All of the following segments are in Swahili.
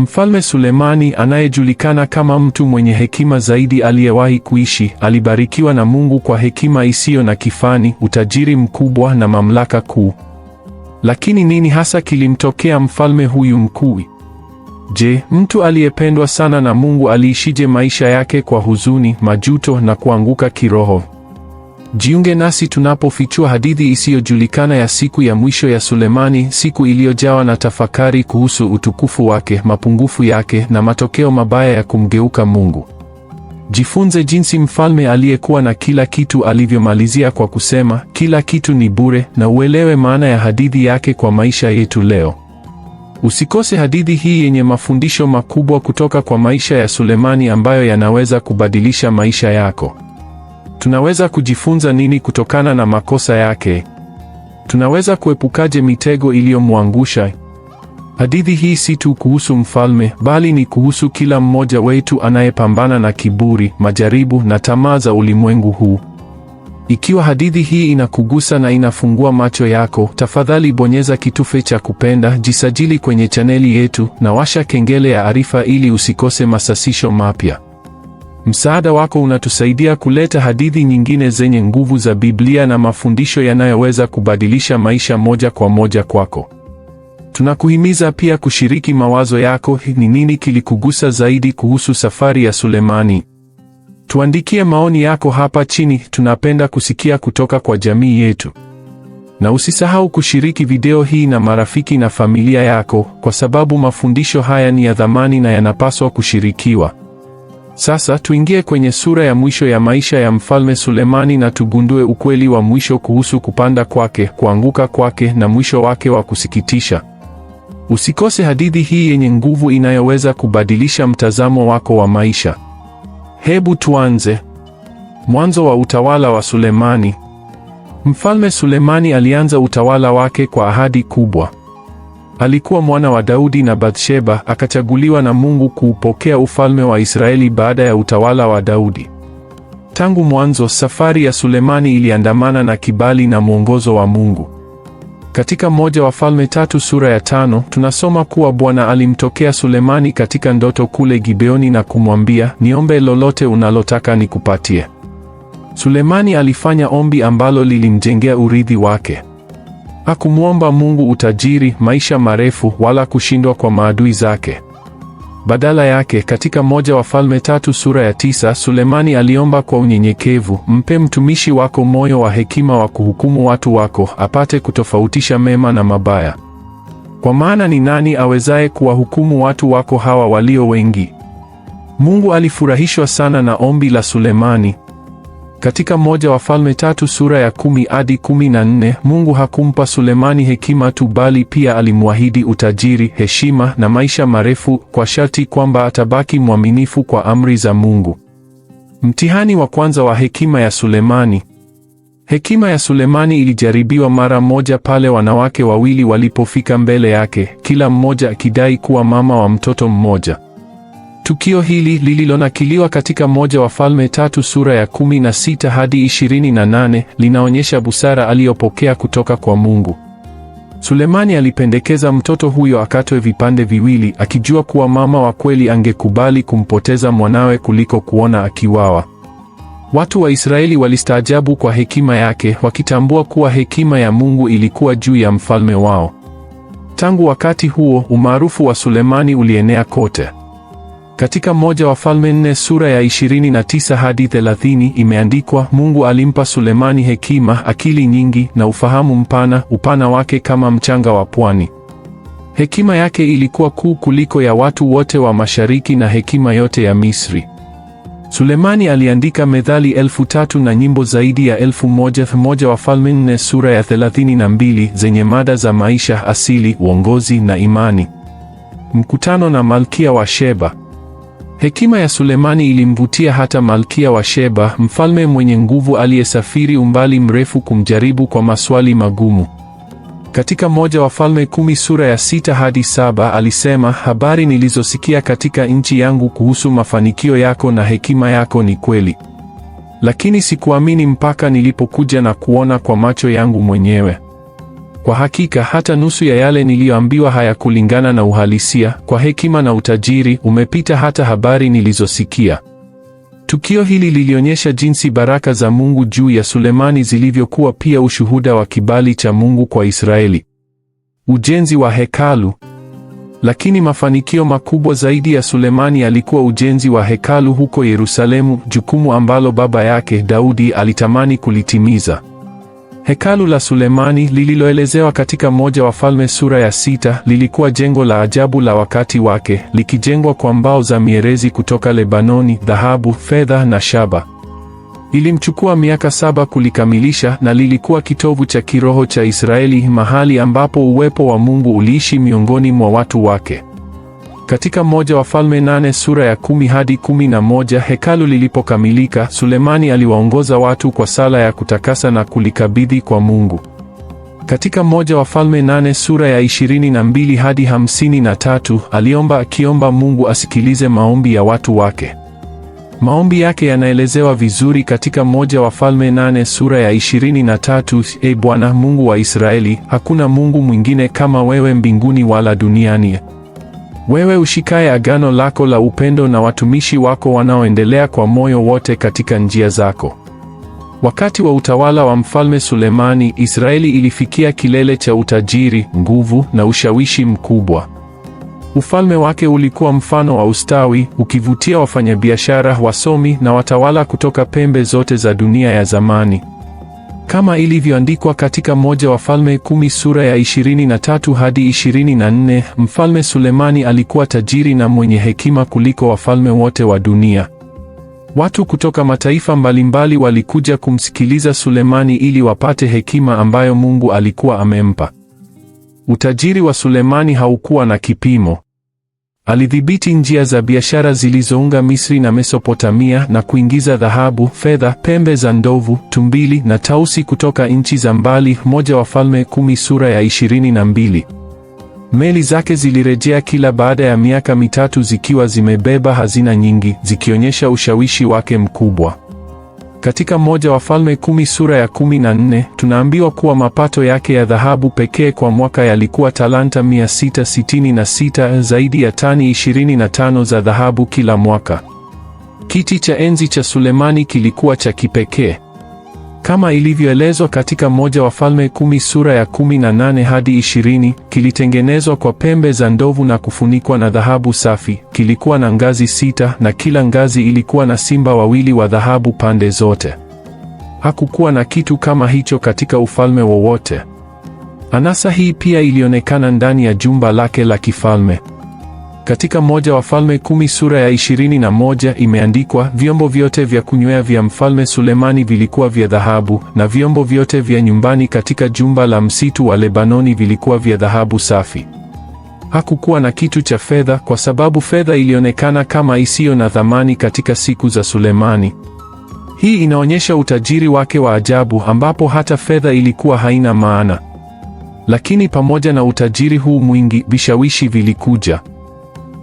Mfalme Sulemani anayejulikana kama mtu mwenye hekima zaidi aliyewahi kuishi, alibarikiwa na Mungu kwa hekima isiyo na kifani, utajiri mkubwa na mamlaka kuu. Lakini nini hasa kilimtokea mfalme huyu mkuu? Je, mtu aliyependwa sana na Mungu aliishije maisha yake kwa huzuni, majuto na kuanguka kiroho? Jiunge nasi tunapofichua hadithi isiyojulikana ya siku ya mwisho ya Sulemani, siku iliyojawa na tafakari kuhusu utukufu wake, mapungufu yake na matokeo mabaya ya kumgeuka Mungu. Jifunze jinsi mfalme aliyekuwa na kila kitu alivyomalizia kwa kusema, kila kitu ni bure, na uelewe maana ya hadithi yake kwa maisha yetu leo. Usikose hadithi hii yenye mafundisho makubwa kutoka kwa maisha ya Sulemani ambayo yanaweza kubadilisha maisha yako. Tunaweza kujifunza nini kutokana na makosa yake? Tunaweza kuepukaje mitego iliyomwangusha? Hadithi hii si tu kuhusu mfalme, bali ni kuhusu kila mmoja wetu anayepambana na kiburi, majaribu na tamaa za ulimwengu huu. Ikiwa hadithi hii inakugusa na inafungua macho yako, tafadhali bonyeza kitufe cha kupenda, jisajili kwenye chaneli yetu na washa kengele ya arifa ili usikose masasisho mapya. Msaada wako unatusaidia kuleta hadithi nyingine zenye nguvu za Biblia na mafundisho yanayoweza kubadilisha maisha moja kwa moja kwako. Tunakuhimiza pia kushiriki mawazo yako, ni nini kilikugusa zaidi kuhusu safari ya Sulemani? Tuandikie maoni yako hapa chini, tunapenda kusikia kutoka kwa jamii yetu. Na usisahau kushiriki video hii na marafiki na familia yako, kwa sababu mafundisho haya ni ya dhamani na yanapaswa kushirikiwa. Sasa tuingie kwenye sura ya mwisho ya maisha ya Mfalme Sulemani na tugundue ukweli wa mwisho kuhusu kupanda kwake, kuanguka kwake na mwisho wake wa kusikitisha. Usikose hadithi hii yenye nguvu inayoweza kubadilisha mtazamo wako wa maisha. Hebu tuanze. Mwanzo wa utawala wa Sulemani. Mfalme Sulemani alianza utawala wake kwa ahadi kubwa alikuwa mwana wa Daudi na Bathsheba, akachaguliwa na Mungu kuupokea ufalme wa Israeli baada ya utawala wa Daudi. Tangu mwanzo, safari ya Sulemani iliandamana na kibali na mwongozo wa Mungu. Katika moja falme tatu sura ya tano tunasoma kuwa Bwana alimtokea Sulemani katika ndoto kule Gibeoni na kumwambia, niombe lolote unalotaka nikupatie. Sulemani alifanya ombi ambalo lilimjengea urithi wake. Hakumwomba Mungu utajiri, maisha marefu, wala kushindwa kwa maadui zake. Badala yake, katika moja Wafalme tatu sura ya tisa, Sulemani aliomba kwa unyenyekevu, mpe mtumishi wako moyo wa hekima wa kuhukumu watu wako, apate kutofautisha mema na mabaya. Kwa maana ni nani awezaye kuwahukumu watu wako hawa walio wengi? Mungu alifurahishwa sana na ombi la Sulemani. Katika mmoja wa Falme tatu sura ya kumi hadi kumi na nne Mungu hakumpa Sulemani hekima tu bali pia alimwahidi utajiri, heshima na maisha marefu kwa sharti kwamba atabaki mwaminifu kwa amri za Mungu. Mtihani wa kwanza wa hekima ya Sulemani. Hekima ya Sulemani ilijaribiwa mara moja pale wanawake wawili walipofika mbele yake, kila mmoja akidai kuwa mama wa mtoto mmoja. Tukio hili lililonakiliwa katika mmoja wa Falme tatu sura ya 16 hadi 28 linaonyesha busara aliyopokea kutoka kwa Mungu. Sulemani alipendekeza mtoto huyo akatwe vipande viwili, akijua kuwa mama wa kweli angekubali kumpoteza mwanawe kuliko kuona akiwawa. Watu wa Israeli walistaajabu kwa hekima yake, wakitambua kuwa hekima ya Mungu ilikuwa juu ya mfalme wao. Tangu wakati huo, umaarufu wa Sulemani ulienea kote. Katika mmoja wa Falme nne sura ya 29 hadi 30 imeandikwa, Mungu alimpa Sulemani hekima, akili nyingi na ufahamu mpana, upana wake kama mchanga wa pwani. Hekima yake ilikuwa kuu kuliko ya watu wote wa mashariki na hekima yote ya Misri. Sulemani aliandika methali elfu tatu na nyimbo zaidi ya elfu moja moja wa Falme nne sura ya 32 zenye mada za maisha, asili, uongozi na imani. Mkutano na Malkia wa Sheba. Hekima ya Sulemani ilimvutia hata Malkia wa Sheba, mfalme mwenye nguvu aliyesafiri umbali mrefu kumjaribu kwa maswali magumu. Katika mmoja wa Falme kumi sura ya sita hadi saba alisema, habari nilizosikia katika nchi yangu kuhusu mafanikio yako na hekima yako ni kweli, lakini sikuamini mpaka nilipokuja na kuona kwa macho yangu mwenyewe. Kwa hakika hata nusu ya yale niliyoambiwa hayakulingana na uhalisia. Kwa hekima na utajiri umepita hata habari nilizosikia. Tukio hili lilionyesha jinsi baraka za Mungu juu ya Sulemani zilivyokuwa pia ushuhuda wa kibali cha Mungu kwa Israeli. Ujenzi wa hekalu. Lakini mafanikio makubwa zaidi ya Sulemani alikuwa ujenzi wa hekalu huko Yerusalemu, jukumu ambalo baba yake Daudi alitamani kulitimiza. Hekalu la Sulemani lililoelezewa katika moja Wafalme sura ya sita lilikuwa jengo la ajabu la wakati wake, likijengwa kwa mbao za mierezi kutoka Lebanoni, dhahabu, fedha na shaba. Ilimchukua miaka saba kulikamilisha na lilikuwa kitovu cha kiroho cha Israeli, mahali ambapo uwepo wa Mungu uliishi miongoni mwa watu wake. Katika mmoja wa Falme nane sura ya kumi hadi kumi na moja hekalu lilipokamilika, Sulemani aliwaongoza watu kwa sala ya kutakasa na kulikabidhi kwa Mungu. Katika mmoja wa Falme nane sura ya ishirini na mbili hadi hamsini na tatu aliomba akiomba Mungu asikilize maombi ya watu wake. Maombi yake yanaelezewa vizuri katika mmoja wa Falme nane sura ya ishirini na tatu E Bwana Mungu wa Israeli, hakuna Mungu mwingine kama wewe mbinguni wala duniani wewe ushikaye agano lako la upendo na watumishi wako wanaoendelea kwa moyo wote katika njia zako. Wakati wa utawala wa Mfalme Sulemani, Israeli ilifikia kilele cha utajiri, nguvu na ushawishi mkubwa. Ufalme wake ulikuwa mfano wa ustawi, ukivutia wafanyabiashara, wasomi na watawala kutoka pembe zote za dunia ya zamani. Kama ilivyoandikwa katika mmoja wa Falme kumi sura ya 23 hadi 24, Mfalme Sulemani alikuwa tajiri na mwenye hekima kuliko wafalme wote wa dunia. Watu kutoka mataifa mbalimbali walikuja kumsikiliza Sulemani ili wapate hekima ambayo Mungu alikuwa amempa. Utajiri wa Sulemani haukuwa na kipimo. Alidhibiti njia za biashara zilizounga Misri na Mesopotamia na kuingiza dhahabu, fedha, pembe za ndovu, tumbili na tausi kutoka nchi za mbali, moja Wafalme kumi sura ya ishirini na mbili. Meli zake zilirejea kila baada ya miaka mitatu zikiwa zimebeba hazina nyingi, zikionyesha ushawishi wake mkubwa. Katika mmoja Wafalme kumi sura ya kumi na nne tunaambiwa kuwa mapato yake ya dhahabu pekee kwa mwaka yalikuwa talanta 666, zaidi ya tani 25 za dhahabu kila mwaka. Kiti cha enzi cha Sulemani kilikuwa cha kipekee. Kama ilivyoelezwa katika mmoja wa Falme kumi sura ya kumi na nane hadi ishirini, kilitengenezwa kwa pembe za ndovu na kufunikwa na dhahabu safi. Kilikuwa na ngazi sita na kila ngazi ilikuwa na simba wawili wa dhahabu pande zote. Hakukuwa na kitu kama hicho katika ufalme wowote. Anasa hii pia ilionekana ndani ya jumba lake la kifalme. Katika mmoja wa Falme kumi sura ya ishirini na moja imeandikwa, vyombo vyote vya kunywea vya mfalme Sulemani vilikuwa vya dhahabu, na vyombo vyote vya nyumbani katika jumba la msitu wa Lebanoni vilikuwa vya dhahabu safi. Hakukuwa na kitu cha fedha, kwa sababu fedha ilionekana kama isiyo na thamani katika siku za Sulemani. Hii inaonyesha utajiri wake wa ajabu, ambapo hata fedha ilikuwa haina maana. Lakini pamoja na utajiri huu mwingi, vishawishi vilikuja.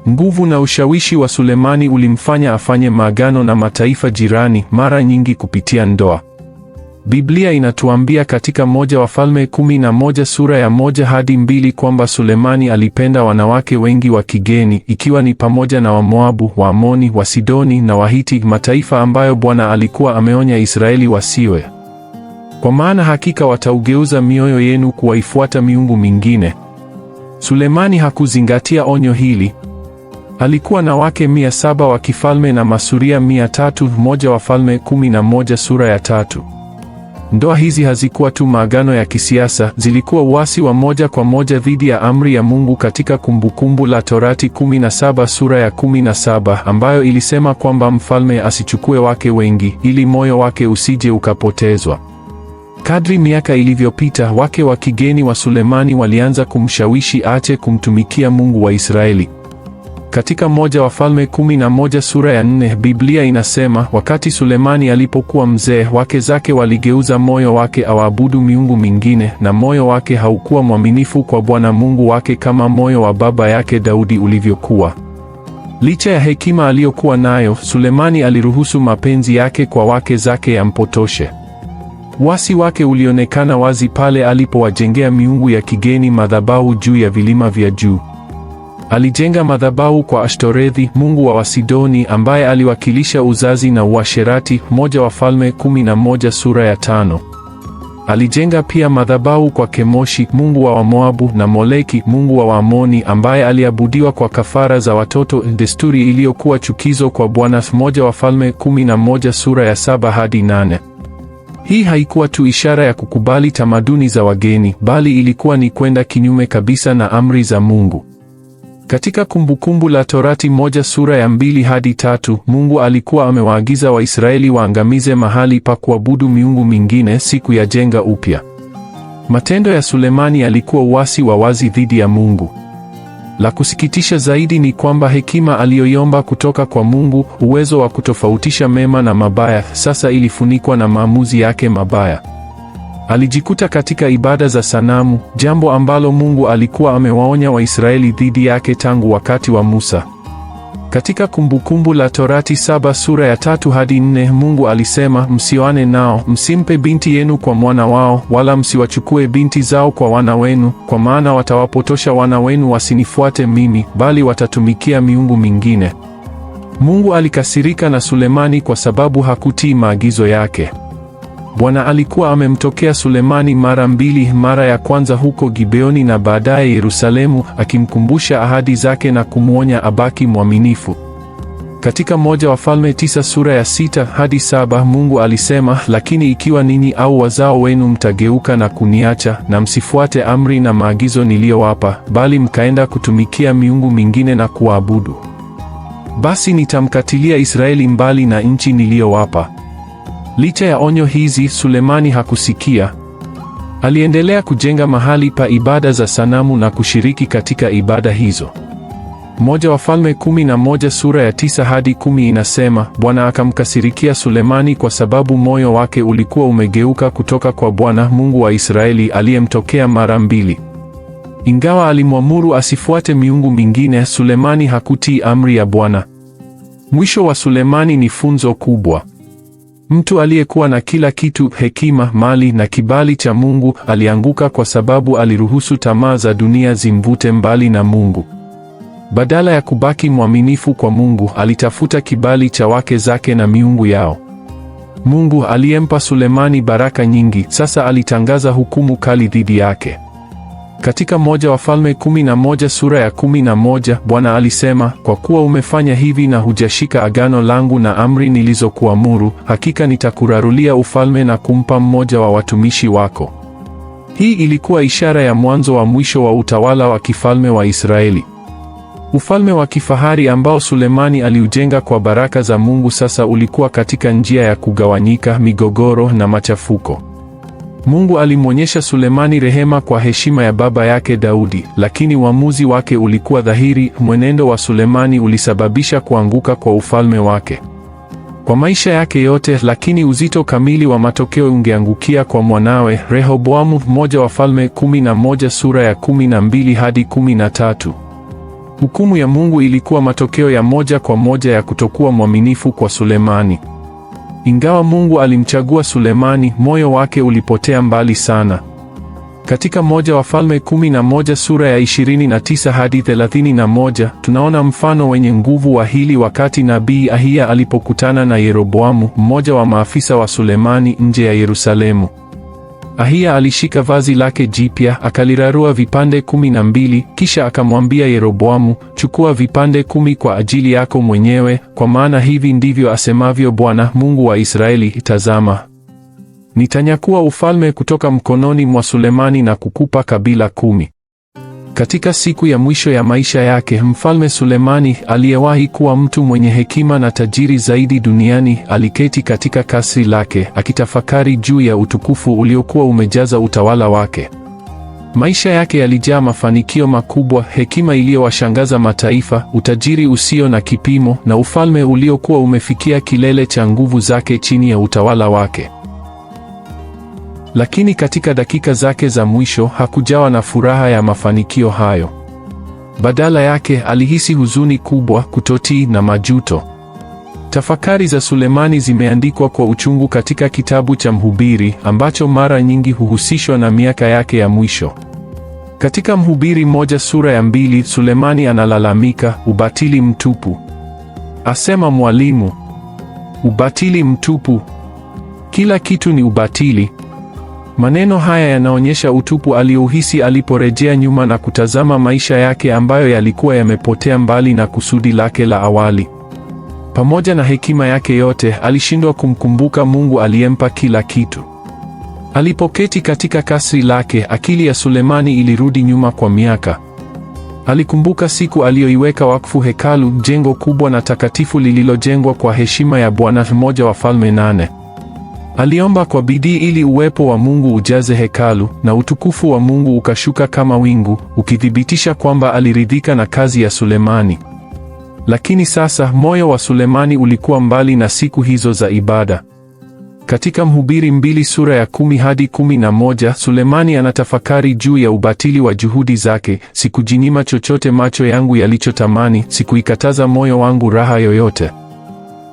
Nguvu na ushawishi wa Sulemani ulimfanya afanye maagano na mataifa jirani, mara nyingi kupitia ndoa. Biblia inatuambia katika moja Wafalme kumi na moja sura ya moja hadi mbili kwamba Sulemani alipenda wanawake wengi wa kigeni, ikiwa ni pamoja na Wamoabu, Waamoni, Wasidoni na Wahiti, mataifa ambayo Bwana alikuwa ameonya Israeli wasiwe, kwa maana hakika wataugeuza mioyo yenu kuwaifuata miungu mingine. Sulemani hakuzingatia onyo hili, Alikuwa na wake mia saba wa kifalme na masuria mia tatu Mmoja Wafalme kumi na moja sura ya tatu. Ndoa hizi hazikuwa tu maagano ya kisiasa, zilikuwa uasi wa moja kwa moja dhidi ya amri ya Mungu katika Kumbukumbu la Torati 17 sura ya 17 ambayo ilisema kwamba mfalme asichukue wake wengi ili moyo wake usije ukapotezwa. Kadri miaka ilivyopita, wake wa kigeni wa Sulemani walianza kumshawishi ache kumtumikia Mungu wa Israeli. Katika mmoja Wafalme kumi na moja sura ya nne Biblia inasema, wakati Sulemani alipokuwa mzee, wake zake waligeuza moyo wake awaabudu miungu mingine, na moyo wake haukuwa mwaminifu kwa Bwana Mungu wake kama moyo wa baba yake Daudi ulivyokuwa. Licha ya hekima aliyokuwa nayo, Sulemani aliruhusu mapenzi yake kwa wake zake yampotoshe. Wasi wake ulionekana wazi pale alipowajengea miungu ya kigeni madhabahu juu ya vilima vya juu. Alijenga madhabahu kwa Ashtorethi, mungu wa Wasidoni, ambaye aliwakilisha uzazi na uasherati, moja Wafalme 11 sura ya tano. Alijenga pia madhabahu kwa Kemoshi, mungu wa Wamoabu, na Moleki, mungu wa Waamoni, ambaye aliabudiwa kwa kafara za watoto, desturi iliyokuwa chukizo kwa Bwana, moja Wafalme 11 sura ya saba hadi nane. Hii haikuwa tu ishara ya kukubali tamaduni za wageni, bali ilikuwa ni kwenda kinyume kabisa na amri za Mungu. Katika Kumbukumbu la Torati moja sura ya mbili hadi tatu, Mungu alikuwa amewaagiza Waisraeli waangamize mahali pa kuabudu miungu mingine siku ya jenga upya. Matendo ya Sulemani yalikuwa uasi wa wazi dhidi ya Mungu. La kusikitisha zaidi ni kwamba hekima aliyoiomba kutoka kwa Mungu, uwezo wa kutofautisha mema na mabaya, sasa ilifunikwa na maamuzi yake mabaya. Alijikuta katika ibada za sanamu, jambo ambalo Mungu alikuwa amewaonya Waisraeli dhidi yake tangu wakati wa Musa. Katika Kumbukumbu la Torati saba sura ya tatu hadi nne Mungu alisema, msioane nao, msimpe binti yenu kwa mwana wao, wala msiwachukue binti zao kwa wana wenu, kwa maana watawapotosha wana wenu wasinifuate mimi, bali watatumikia miungu mingine. Mungu alikasirika na Sulemani kwa sababu hakutii maagizo yake. Bwana alikuwa amemtokea Sulemani mara mbili, mara ya kwanza huko Gibeoni na baadaye Yerusalemu, akimkumbusha ahadi zake na kumwonya abaki mwaminifu. Katika moja Wafalme tisa sura ya sita hadi saba Mungu alisema, lakini ikiwa ninyi au wazao wenu mtageuka na kuniacha na msifuate amri na maagizo niliyowapa, bali mkaenda kutumikia miungu mingine na kuwaabudu, basi nitamkatilia Israeli mbali na nchi niliyowapa. Licha ya onyo hizi, Sulemani hakusikia. Aliendelea kujenga mahali pa ibada za sanamu na kushiriki katika ibada hizo. Mmoja Wafalme kumi na moja sura ya tisa hadi kumi inasema, Bwana akamkasirikia Sulemani kwa sababu moyo wake ulikuwa umegeuka kutoka kwa Bwana Mungu wa Israeli aliyemtokea mara mbili. Ingawa alimwamuru asifuate miungu mingine, Sulemani hakutii amri ya Bwana. Mwisho wa Sulemani ni funzo kubwa. Mtu aliyekuwa na kila kitu, hekima, mali na kibali cha Mungu, alianguka kwa sababu aliruhusu tamaa za dunia zimvute mbali na Mungu. Badala ya kubaki mwaminifu kwa Mungu, alitafuta kibali cha wake zake na miungu yao. Mungu aliyempa Sulemani baraka nyingi, sasa alitangaza hukumu kali dhidi yake. Katika mmoja Wafalme kumi na moja sura ya kumi na moja Bwana alisema, kwa kuwa umefanya hivi na hujashika agano langu na amri nilizokuamuru, hakika nitakurarulia ufalme na kumpa mmoja wa watumishi wako. Hii ilikuwa ishara ya mwanzo wa mwisho wa utawala wa kifalme wa Israeli. Ufalme wa kifahari ambao Sulemani aliujenga kwa baraka za Mungu sasa ulikuwa katika njia ya kugawanyika, migogoro na machafuko. Mungu alimwonyesha Sulemani rehema kwa heshima ya baba yake Daudi, lakini uamuzi wake ulikuwa dhahiri. Mwenendo wa Sulemani ulisababisha kuanguka kwa ufalme wake kwa maisha yake yote, lakini uzito kamili wa matokeo ungeangukia kwa mwanawe Rehoboamu, mmoja wa Falme 11 sura ya 12 hadi 13. Hukumu ya Mungu ilikuwa matokeo ya moja kwa moja ya kutokuwa mwaminifu kwa Sulemani. Ingawa Mungu alimchagua Sulemani, moyo wake ulipotea mbali sana. Katika mmoja wa Falme 11 sura ya 29 hadi 31 tunaona mfano wenye nguvu wa hili wakati nabii Ahiya alipokutana na Yeroboamu, mmoja wa maafisa wa Sulemani, nje ya Yerusalemu. Ahiya alishika vazi lake jipya akalirarua vipande kumi na mbili, kisha akamwambia Yeroboamu, chukua vipande kumi kwa ajili yako mwenyewe, kwa maana hivi ndivyo asemavyo Bwana Mungu wa Israeli, tazama, nitanyakuwa ufalme kutoka mkononi mwa Sulemani na kukupa kabila kumi. Katika siku ya mwisho ya maisha yake, Mfalme Sulemani aliyewahi kuwa mtu mwenye hekima na tajiri zaidi duniani aliketi katika kasri lake akitafakari juu ya utukufu uliokuwa umejaza utawala wake. Maisha yake yalijaa mafanikio makubwa, hekima iliyowashangaza mataifa, utajiri usio na kipimo na ufalme uliokuwa umefikia kilele cha nguvu zake chini ya utawala wake. Lakini katika dakika zake za mwisho hakujawa na furaha ya mafanikio hayo. Badala yake alihisi huzuni kubwa, kutotii na majuto. Tafakari za Sulemani zimeandikwa kwa uchungu katika kitabu cha Mhubiri ambacho mara nyingi huhusishwa na miaka yake ya mwisho. Katika Mhubiri moja sura ya mbili, Sulemani analalamika ubatili mtupu. Asema mwalimu, ubatili mtupu, kila kitu ni ubatili. Maneno haya yanaonyesha utupu aliyouhisi aliporejea nyuma na kutazama maisha yake ambayo yalikuwa yamepotea mbali na kusudi lake la awali. Pamoja na hekima yake yote, alishindwa kumkumbuka Mungu aliyempa kila kitu. Alipoketi katika kasri lake, akili ya Sulemani ilirudi nyuma kwa miaka. Alikumbuka siku aliyoiweka wakfu hekalu, jengo kubwa na takatifu lililojengwa kwa heshima ya Bwana, mmoja wa Falme Nane. Aliomba kwa bidii ili uwepo wa Mungu ujaze hekalu, na utukufu wa Mungu ukashuka kama wingu, ukithibitisha kwamba aliridhika na kazi ya Sulemani. Lakini sasa moyo wa Sulemani ulikuwa mbali na siku hizo za ibada. Katika Mhubiri mbili sura ya kumi hadi kumi na moja Sulemani anatafakari juu ya ubatili wa juhudi zake. Sikujinyima chochote macho yangu yalichotamani, sikuikataza moyo wangu raha yoyote.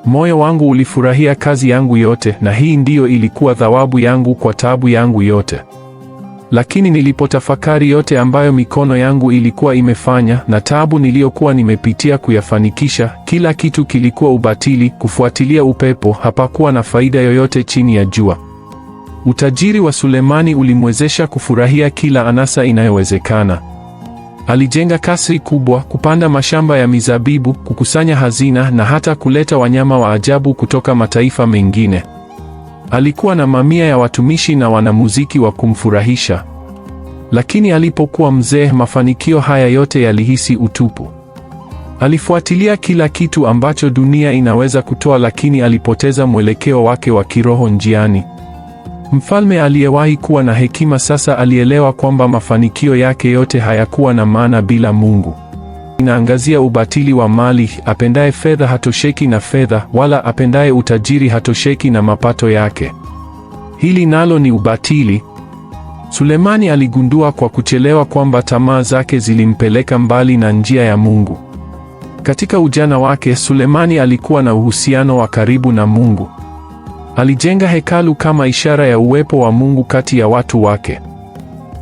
Moyo wangu ulifurahia kazi yangu yote, na hii ndiyo ilikuwa thawabu yangu kwa taabu yangu yote. Lakini nilipotafakari yote ambayo mikono yangu ilikuwa imefanya na taabu niliyokuwa nimepitia kuyafanikisha, kila kitu kilikuwa ubatili, kufuatilia upepo. Hapakuwa na faida yoyote chini ya jua. Utajiri wa Sulemani ulimwezesha kufurahia kila anasa inayowezekana. Alijenga kasri kubwa, kupanda mashamba ya mizabibu, kukusanya hazina na hata kuleta wanyama wa ajabu kutoka mataifa mengine. Alikuwa na mamia ya watumishi na wanamuziki wa kumfurahisha. Lakini alipokuwa mzee, mafanikio haya yote yalihisi utupu. Alifuatilia kila kitu ambacho dunia inaweza kutoa, lakini alipoteza mwelekeo wake wa kiroho njiani. Mfalme aliyewahi kuwa na hekima sasa alielewa kwamba mafanikio yake yote hayakuwa na maana bila Mungu. Inaangazia ubatili wa mali, apendaye fedha hatosheki na fedha, wala apendaye utajiri hatosheki na mapato yake. Hili nalo ni ubatili. Sulemani aligundua kwa kuchelewa kwamba tamaa zake zilimpeleka mbali na njia ya Mungu. Katika ujana wake, Sulemani alikuwa na uhusiano wa karibu na Mungu. Alijenga hekalu kama ishara ya uwepo wa Mungu kati ya watu wake.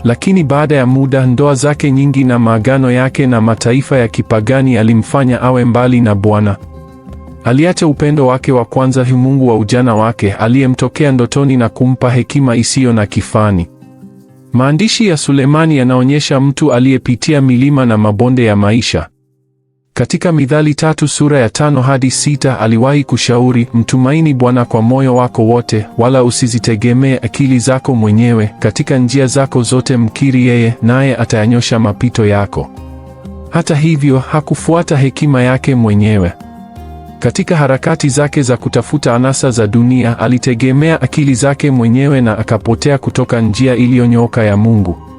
Lakini baada ya muda, ndoa zake nyingi na maagano yake na mataifa ya kipagani alimfanya awe mbali na Bwana. Aliacha upendo wake wa kwanza, ee Mungu wa ujana wake, aliyemtokea ndotoni na kumpa hekima isiyo na kifani. Maandishi ya Sulemani yanaonyesha mtu aliyepitia milima na mabonde ya maisha. Katika Mithali tatu sura ya tano hadi sita aliwahi kushauri, mtumaini Bwana kwa moyo wako wote, wala usizitegemee akili zako mwenyewe. Katika njia zako zote mkiri yeye, naye atayanyosha mapito yako. Hata hivyo, hakufuata hekima yake mwenyewe. Katika harakati zake za kutafuta anasa za dunia, alitegemea akili zake mwenyewe na akapotea kutoka njia iliyonyooka ya Mungu.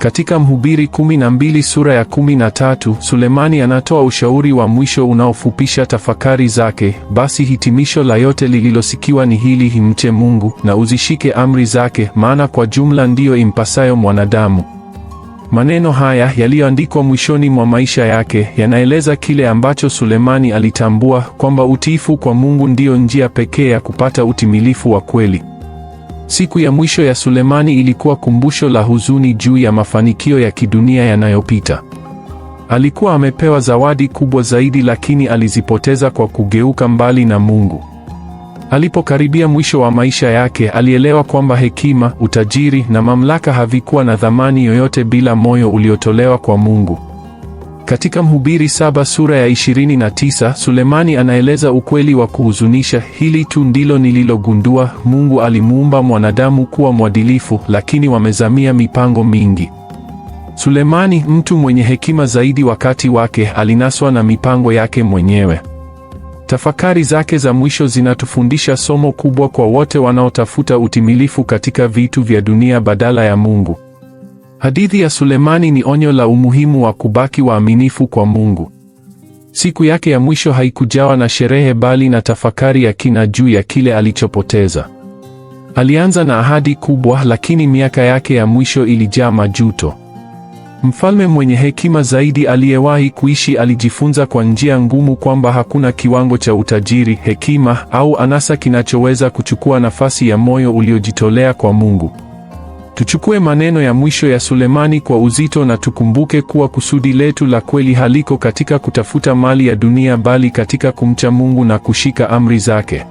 Katika Mhubiri 12 sura ya 13, Sulemani anatoa ushauri wa mwisho unaofupisha tafakari zake: basi hitimisho la yote lililosikiwa ni hili, himche Mungu na uzishike amri zake, maana kwa jumla ndiyo impasayo mwanadamu. Maneno haya yaliyoandikwa mwishoni mwa maisha yake yanaeleza kile ambacho Sulemani alitambua kwamba utiifu kwa Mungu ndiyo njia pekee ya kupata utimilifu wa kweli. Siku ya mwisho ya Sulemani ilikuwa kumbusho la huzuni juu ya mafanikio ya kidunia yanayopita. Alikuwa amepewa zawadi kubwa zaidi, lakini alizipoteza kwa kugeuka mbali na Mungu. Alipokaribia mwisho wa maisha yake, alielewa kwamba hekima, utajiri na mamlaka havikuwa na thamani yoyote bila moyo uliotolewa kwa Mungu. Katika Mhubiri saba sura ya 29, Sulemani anaeleza ukweli wa kuhuzunisha: hili tu ndilo nililogundua, Mungu alimuumba mwanadamu kuwa mwadilifu, lakini wamezamia mipango mingi. Sulemani, mtu mwenye hekima zaidi wakati wake, alinaswa na mipango yake mwenyewe. Tafakari zake za mwisho zinatufundisha somo kubwa kwa wote wanaotafuta utimilifu katika vitu vya dunia badala ya Mungu. Hadithi ya Sulemani ni onyo la umuhimu wa kubaki waaminifu kwa Mungu. Siku yake ya mwisho haikujawa na sherehe bali na tafakari ya kina juu ya kile alichopoteza. Alianza na ahadi kubwa, lakini miaka yake ya mwisho ilijaa majuto. Mfalme mwenye hekima zaidi aliyewahi kuishi alijifunza kwa njia ngumu kwamba hakuna kiwango cha utajiri, hekima au anasa kinachoweza kuchukua nafasi ya moyo uliojitolea kwa Mungu. Tuchukue maneno ya mwisho ya Sulemani kwa uzito na tukumbuke kuwa kusudi letu la kweli haliko katika kutafuta mali ya dunia bali katika kumcha Mungu na kushika amri zake.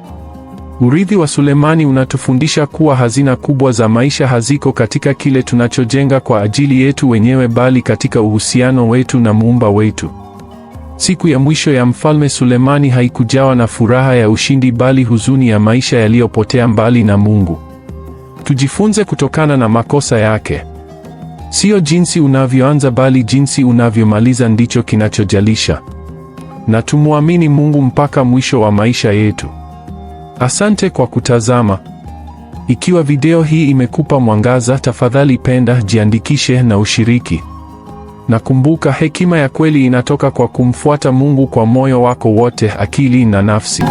Urithi wa Sulemani unatufundisha kuwa hazina kubwa za maisha haziko katika kile tunachojenga kwa ajili yetu wenyewe bali katika uhusiano wetu na Muumba wetu. Siku ya mwisho ya Mfalme Sulemani haikujawa na furaha ya ushindi bali huzuni ya maisha yaliyopotea mbali na Mungu. Tujifunze kutokana na makosa yake. Sio jinsi unavyoanza bali jinsi unavyomaliza ndicho kinachojalisha. Na tumwamini Mungu mpaka mwisho wa maisha yetu. Asante kwa kutazama. Ikiwa video hii imekupa mwangaza, tafadhali penda, jiandikishe na ushiriki. Na kumbuka, hekima ya kweli inatoka kwa kumfuata Mungu kwa moyo wako wote, akili na nafsi.